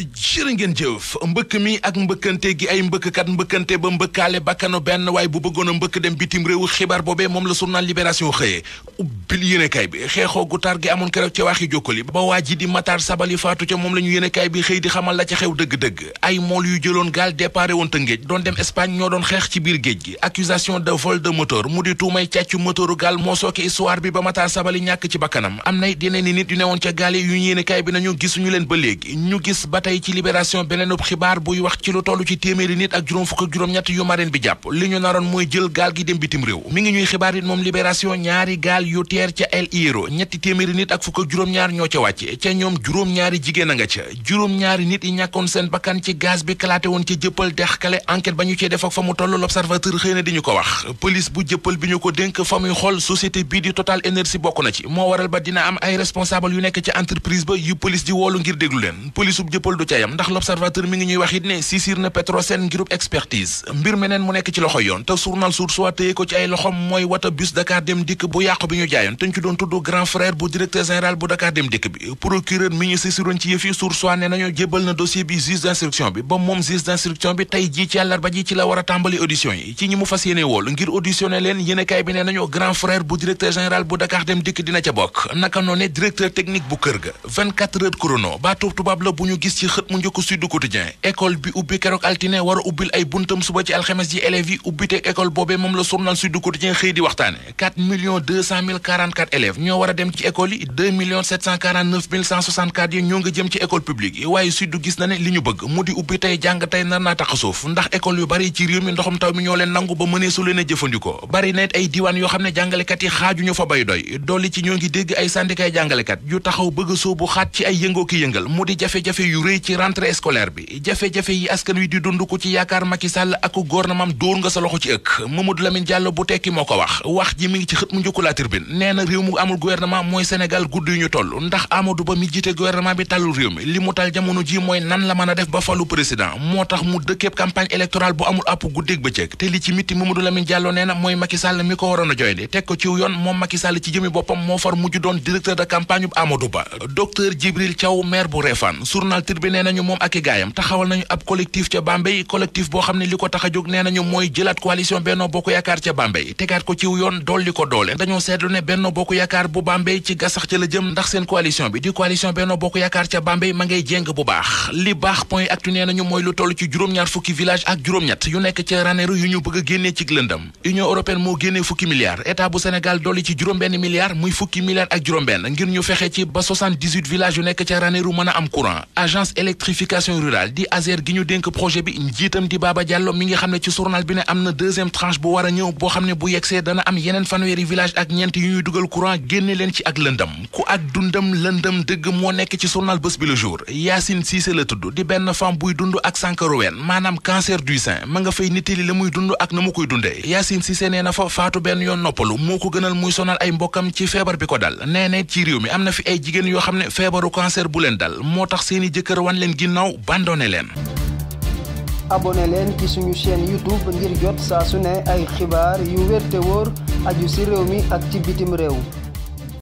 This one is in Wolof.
jërë ngeen jëf mbëkk mi ak mbëkkante gi ay mbëkkkat mbëkkante ba mbëkkaale bakkanu benn waaye bu bëggoon a mbëkk dem bitim réew xibaar boobee moom la journal libération xëyee ubbil yéenekaay bi xeexoo gu tar gi amoon keroog ca waaxi jokkali ba waa ji di Matar Sabali faatu ca moom la yéenekaay bi xëy di xamal la ca xew dëgg-dëgg ay mool yu jëloon gaal déparé woon Tëngéej doon dem Espagne ñoo doon xeex ci biir géej gi accusation de vol de tey ci libération beneen ub xibaar buy wax ci lu toll ci téeméeri nit ak juróom fukk ak juróom-ñett yu marine bi jàpp li ñu naroon mooy jël gaal gi dem bitim réew mi ngi ñuy xibaar it moom libération ñaari gaal yu teer ca El Hierro ñetti téeméeri nit ak fukk ak juróom-ñaar ñoo ca wàcce ca ñoom juróom-ñaari jigéen a nga ca juróom-ñaari nit yi ñàkkoon seen bakkan ci gaz bi kalaate woon ca jëppal dex kale enquête ba ñu cee def ak fa mu toll l'observateur xëy na di ko wax police bu jëppal bi ñu ko dénk fa xool société bii di Total Énergie bokk na ci moo waral ba dina am ay responsable yu nekk ci entreprise ba yu police woolu ngir déglu leen du ca ndax l'observateur mi ngi ñuy wax it ne na Petrosen groupe expertise mbir meneen mu nekk ci loxo yoon te journal Source A ko ci ay loxom mooy wata bus Dakar dem dikk bu yàqu bi ñu jaayoon te ñu ci doon tudd grand frère bu directeur général bu Dakar dem dikk bi procureur mi ñu sisiroon ci yëf yi Source ne nañu jébbal na dossier bi juge bi ba moom juge bi tey jii ci àllarba ji ci la war tàmbali audition yi ci ñi mu fas yéene wool ngir ci xët mu njëkk Sud Quotidien école bi ubbi keroog altine war a ubbil ay buntam suba ci alxames ji élèves yi ubbiteeg école boobee moom la journal Sud Quotidien xëy di waxtaane 4 millions 200 ñoo war a dem ci école yi ñoo nga jëm ci école publique waaye Sud gis na ne li ñu bëgg mu di ubbi tey jàng tey nar naa tax a suuf ndax école yu bari ci réew mi ndoxum taw mi ñoo leen nangu ba mënee su a jëfandikoo bari na ay diwaan yoo xam ne jàngalekat yi xaajuñu fa bay doy rëy ci rentrée scolaire bi jafe-jafe yi askan wi di dund ci yaakaar Macky Sall ak gouvernement dóor nga sa loxo ci ëkk Mamadou Lamine Diallo bu tekki moo ko wax wax ji mi ngi ci xët mu njëkku la Tribune nee réew mu amul gouvernement mooy Sénégal gudd yu ñu toll ndax Amadou Ba mi jiite gouvernement bi tàllul réew mi li mu tal jamono ji mooy nan la mën a def ba falu président moo tax mu dëkkeeb campagne électorale bu amul àpp guddeeg bëccëg te li ci mitti Mamadou Lamine Diallo nee na mooy mi a bi nee nañu moom ak i gaayam taxawal nañu ab collectif ca Bambey collectif boo xam ne li ko tax nee nañu mooy jëlaat coalition Benno Bokk Yaakaar ca Bambey tegaat ko ciw yoon dolli ko doole dañoo seetlu ne Benno Bokk Yaakaar bu Bambey ci gasax ca la jëm ndax seen coalition bi di coalition Benno Bokk Yaakaar ca Bambey ma ngay jéng bu baax li baax point actu nee nañu mooy lu toll ci juróom-ñaar fukki village ak juróom-ñett yu nekk ca agence électrification di ASER gi ñu dénk projet bi njiitam di baaba Diallo mi nga xam ne ci journal bi ne am na deuxième tranche bu war ñëw boo xam ne bu yegsee dana am yeneen fanweeri village ak ñeent yu ñuy dugal courant génne leen ci ak lëndëm ku ak dundam lëndëm dëgg moo nekk ci journal bés bi la jour Yacine Cissé la tudd di benn femme buy dund ak sànkaroween maanaam cancer du sin ma nga fay nittali la muy dund ak na mu koy dundee Yacine Cissé nee na fa faatu benn yoon noppalu moo ko gënal muy sonal ay mbokkam ci feebar bi ko dal nee na ci réew mi am na fi ay jigéen yoo xam ne feebaru cancer bu leen dal moo tax seeni jëkkër wan leen ginnaaw bandone leen. abonné leen ci suñu chaîne youtube ngir jot saa su ne ay xibaar yu wér te wóor aju ci réew mi ak ci bitim réew.